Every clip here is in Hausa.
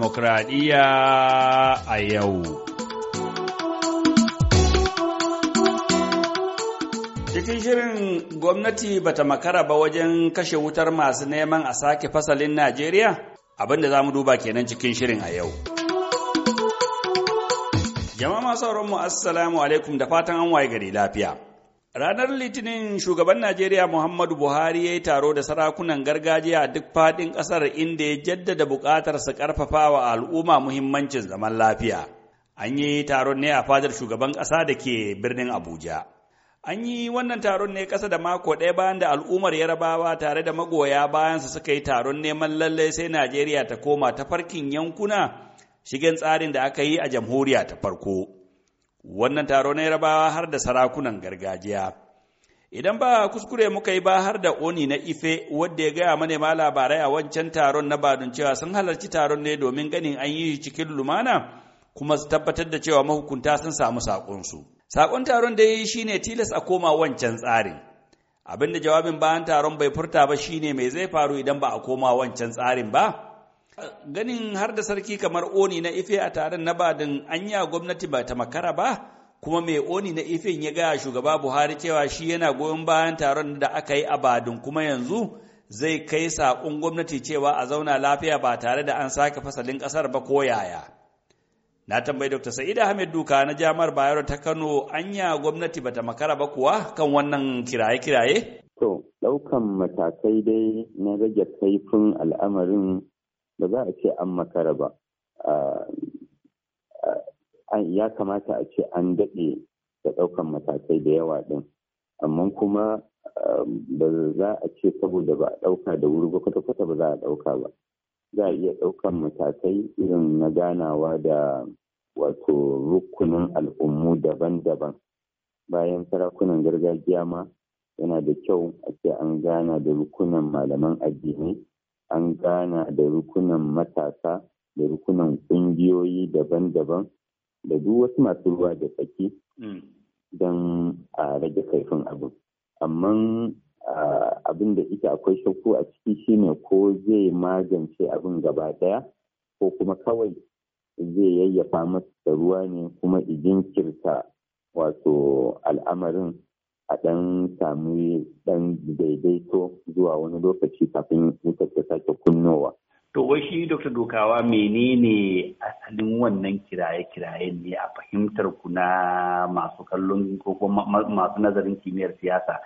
demokradiyya a yau. Cikin shirin gwamnati bata makara ba wajen kashe wutar masu neman a sake fasalin Najeriya? Abinda za mu duba kenan cikin shirin a yau. Jama'a masu mu assalamu alaikum da fatan an waye gari lafiya. Ranar Litinin shugaban Najeriya Muhammadu Buhari ya yi taro da sarakunan gargajiya a duk faɗin ƙasar inda ya jaddada buƙatar su ƙarfafa wa al'umma muhimmancin zaman lafiya. An yi taron ne a fadar shugaban ƙasa da ke birnin Abuja. An yi wannan taron ne ƙasa da mako ɗaya bayan da al'ummar Yarabawa tare da magoya bayan su suka yi taron neman lallai sai Najeriya ta koma ta farkin yankuna shigen tsarin da aka yi a jamhuriya ta farko. wannan taro na yarabawa har da sarakunan gargajiya idan ba kuskure muka yi ba har da oni na ife wadda ya gaya manema labarai a wancan taron na badun cewa sun halarci taron ne domin ganin an yi cikin lumana kuma su tabbatar da cewa mahukunta sun samu saƙonsu saƙon taron da dai shine tilas a koma wancan tsarin abinda jawabin bayan taron bai furta ba shine mai zai faru idan ba a koma wancan tsarin ba ganin har da sarki kamar oni na ife a taron na badin a gwamnati ba ta makara ba kuma mai oni na Ife ya gaya shugaba buhari cewa shi yana goyon bayan taron da aka yi a badin kuma yanzu zai kai saƙon gwamnati cewa a zauna lafiya ba tare da an sake fasalin ƙasar ba ko yaya na tambayi dr sa'id ahmed duka na jami'ar bayero ta kano anya gwamnati bata makara ba kuwa kan wannan kiraye-kiraye to ɗaukan matakai dai na rage kaifin al'amarin ba za a ce an makara ba ya kamata a ce an daɗe da ɗaukan matakai da yawa ɗin amma kuma ba za a ce saboda ba a ɗauka da wuri ba kwata-kwata ba za a ɗauka ba za a iya ɗaukan matakai irin na ganawa da wato rukunin al'ummu daban-daban bayan sarakunan gargajiya ma yana da kyau a ce an gana da rukunan malaman addini an gana da rukunan matasa da rukunan ƙungiyoyi daban-daban da duk wasu masu ruwa da tsaki mm. don a rage kaifin abin amma abin da ita akwai shakku a ciki shine ko zai magance abin gaba daya ko kuma kawai zai yayyafa masa ruwa ne kuma ijinkirta wato al'amarin a ɗan sami ɗan daidaito zuwa wani lokaci kafin wutar ta sake kunnowa. To wai shi Dr. Dokawa menene asalin wannan kiraye kiraye ne a fahimtar ku na masu kallon ko masu nazarin kimiyyar siyasa.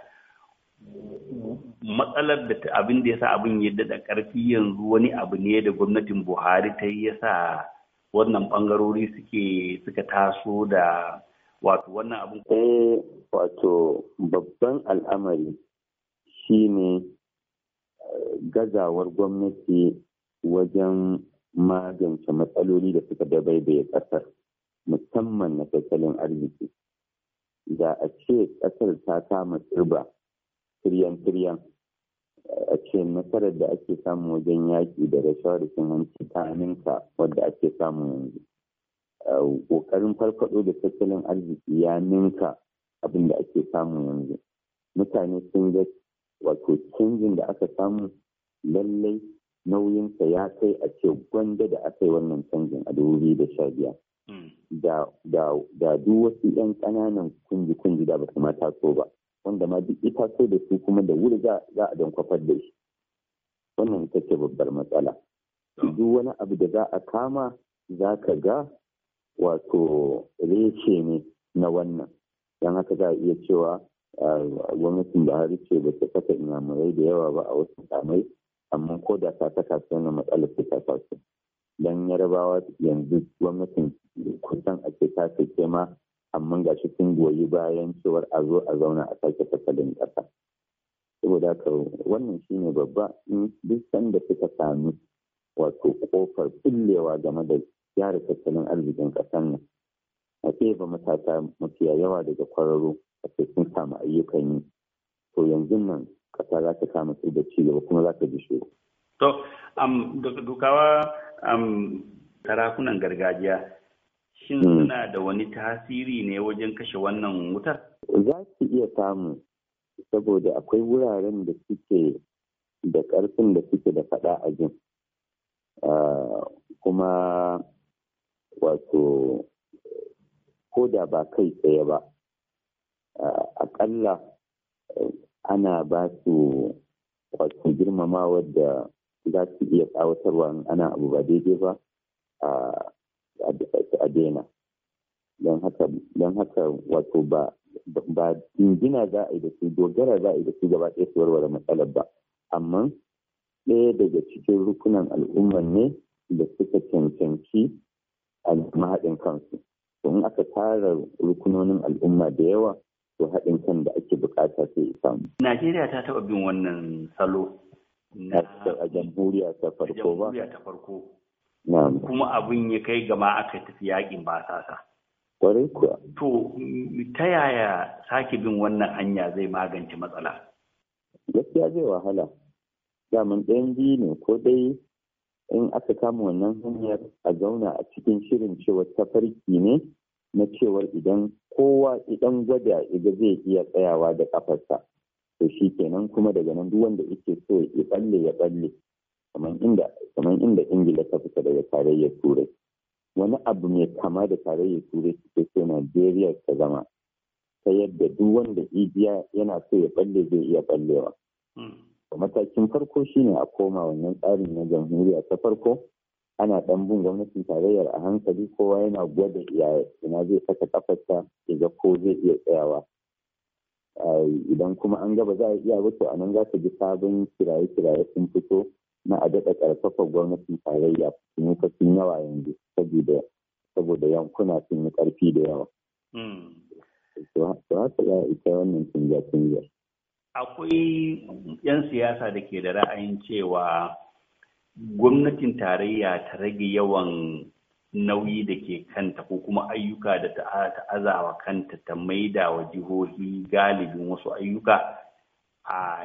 Matsalar da abin da ya sa abin ya daɗa ƙarfi yanzu wani abu ne da gwamnatin Buhari ta yi ya sa wannan ɓangarori suke suka taso da wato wannan abin eh wato babban al'amari shine eh, gazawar gwamnati wajen magance matsaloli da suka dabaibaye ƙasar musamman na tattalin arziki da a ce kasar ta kama tsirba tiryan-tiryan a ce nasarar da ake samu wajen yaƙi da rashawa da cin ta aminka wadda ake samu yanzu ƙoƙarin farfaɗo da tattalin arziki ya ninka abin da ake samu yanzu mutane sun ga wato canjin da aka samu lallai nauyinsa ya kai a ce gwanda da aka yi wannan canjin a dubu da sha biyar hmm. da duk wasu 'yan ƙananan kunji-kunji da ba su ma taso ba wanda ma duk ita so da su kuma da wuri za a don da shi wannan ita ce babbar matsala duk wani abu da za a kama za ka ga wato reshe ne na wannan don haka za a iya cewa gwamnatin buhari ce ba ta saka inyamurai da yawa ba a wasu kamai amma ko da ta saka su na matsalar ta ta faso don yarabawa yanzu gwamnatin kusan a ce ta sake ma amma ga shi sun goyi bayan cewar a zo a zauna a sake fasalin ƙasa saboda haka wannan shine babba duk sanda suka sami wato kofar fillewa game da gyara tattalin arzikin ƙasar nan a ɗeba matasa mafiya yawa daga kwararru a sun samu ayyukan yi to yanzu nan ƙasa za ta kama su ci gaba kuma za ta bi shiru. to dukawa sarakunan gargajiya shin hmm. suna da wani tasiri ne wajen kashe wannan wutar? za su iya samu saboda akwai wuraren da suke da ƙarfin da suke da faɗa a jin ah, kuma wato ko da ba kai tsaye ba aƙalla ana ba su wato girmamawa da za su iya tsawatarwa ana abu ba daidai ba a daina don haka wato ba ba dingina za a yi da su dogara za a yi da su gaba ɗaya su warware matsalar ba amma ɗaya daga cikin rukunan al'ummar ne da suka cancanci mahaɗin kansu in aka tara rukunonin al'umma da yawa to haɗin kan da ake bukata sai samu. Najeriya ta taɓa bin wannan salo na a jamhuriya ta farko ba. Kuma abin ya kai gama aka tafi yaƙin ba sasa. Kwarai kuwa. To ta yaya sake bin wannan hanya zai magance matsala? Gaskiya zai wahala. mun ɗayan biyu ne ko dai in aka kama wannan hanyar a zauna a cikin shirin cewa tafarki ne na cewar idan kowa idan gwada iga zai iya tsayawa da kafarsa to shi kenan kuma daga nan duk wanda yake so ya balle ya balle kamar inda ingila ta fita daga tarayyar turai wani abu mai kama da tarayyar turai suke so najeriya ta zama ta yadda duk wanda ibiya yana so ya balle zai iya ballewa hmm. matakin farko shine a koma wannan tsarin na jamhuriya ta farko ana dan bin gwamnatin tarayyar a hankali kowa yana gwada iyaye ina zai saka kafarsa ya ko zai iya tsayawa idan kuma an gaba za a iya wato a nan za ka ji sabon kiraye-kiraye sun fito na a daɗa ƙarfafa gwamnatin tarayya sun yi yawa yanzu saboda saboda yankuna sun yi ƙarfi da yawa. Hmm. ita wannan canja-canjar. akwai 'yan siyasa da ke da ra'ayin cewa gwamnatin tarayya ta rage yawan nauyi da ke kanta ko kuma ayyuka da ta azawa kanta ta maida wa jihohi galibin wasu ayyuka a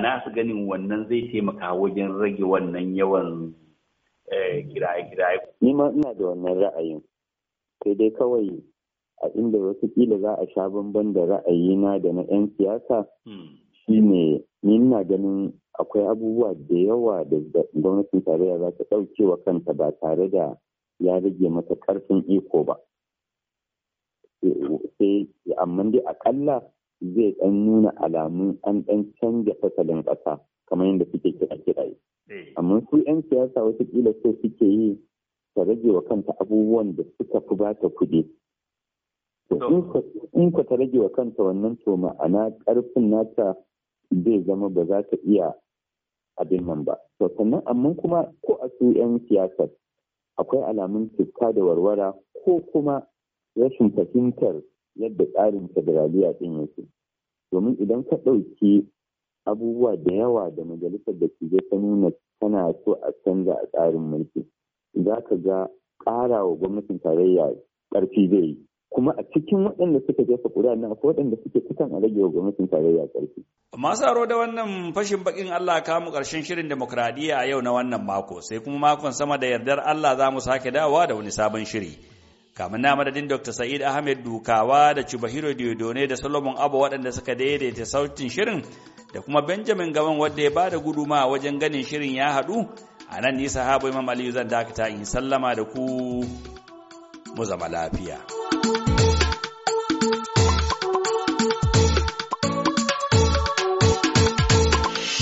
nasu ganin wannan zai taimaka wajen rage wannan yawan eh, kiraye-kiraye. Nima ina da wannan ra'ayin, sai dai kawai a inda watakila za a sha bamban da ra'ayina da na 'yan siyasa hmm. shine ni ina ganin akwai abubuwa da yawa da gwamnatin tarayya za ta ɗauke wa kanta ba tare da ya rage mata ƙarfin iko ba sai amma dai akalla zai ɗan nuna alamun an ɗan canja fasalin ƙasa kamar yadda suke kira yi eh. amma su 'yan siyasa kila so suke yi ta rage wa kanta abubuwan da suka fi ba ta kuɗi in ka ta rage wa kanta wannan to ma'ana karfin nata zai zama ba za ta iya abin nan ba to sannan amma kuma ko a su 'yan siyasar akwai alamun cuta da warwara ko kuma rashin fahimtar yadda tsarin federaliya ɗin yake domin idan ka ɗauki abubuwa da yawa da majalisar da ke ta nuna tana so a canza a tsarin mulki za ka ga ƙara wa gwamnatin tarayya ƙarfi zai yi kuma a cikin waɗanda suka jefa ƙuri'a na akwai waɗanda suke kusan a rage wa gwamnatin tarayya ƙarfi. Masu aro da wannan fashin bakin Allah ka mu ƙarshen shirin demokradiyya a yau na wannan mako sai kuma makon sama da yardar Allah za mu sake dawowa da wani sabon shiri. Kamin na madadin Dr. Sa'id Ahmed Dukawa da Chubahiro Diodone da Solomon Abba waɗanda suka daidaita sautin shirin da kuma Benjamin gaban wadda ya bada guduma wajen ganin shirin ya haɗu a nan nisa habu Imam Aliyu zan dakata in sallama da ku mu zama lafiya.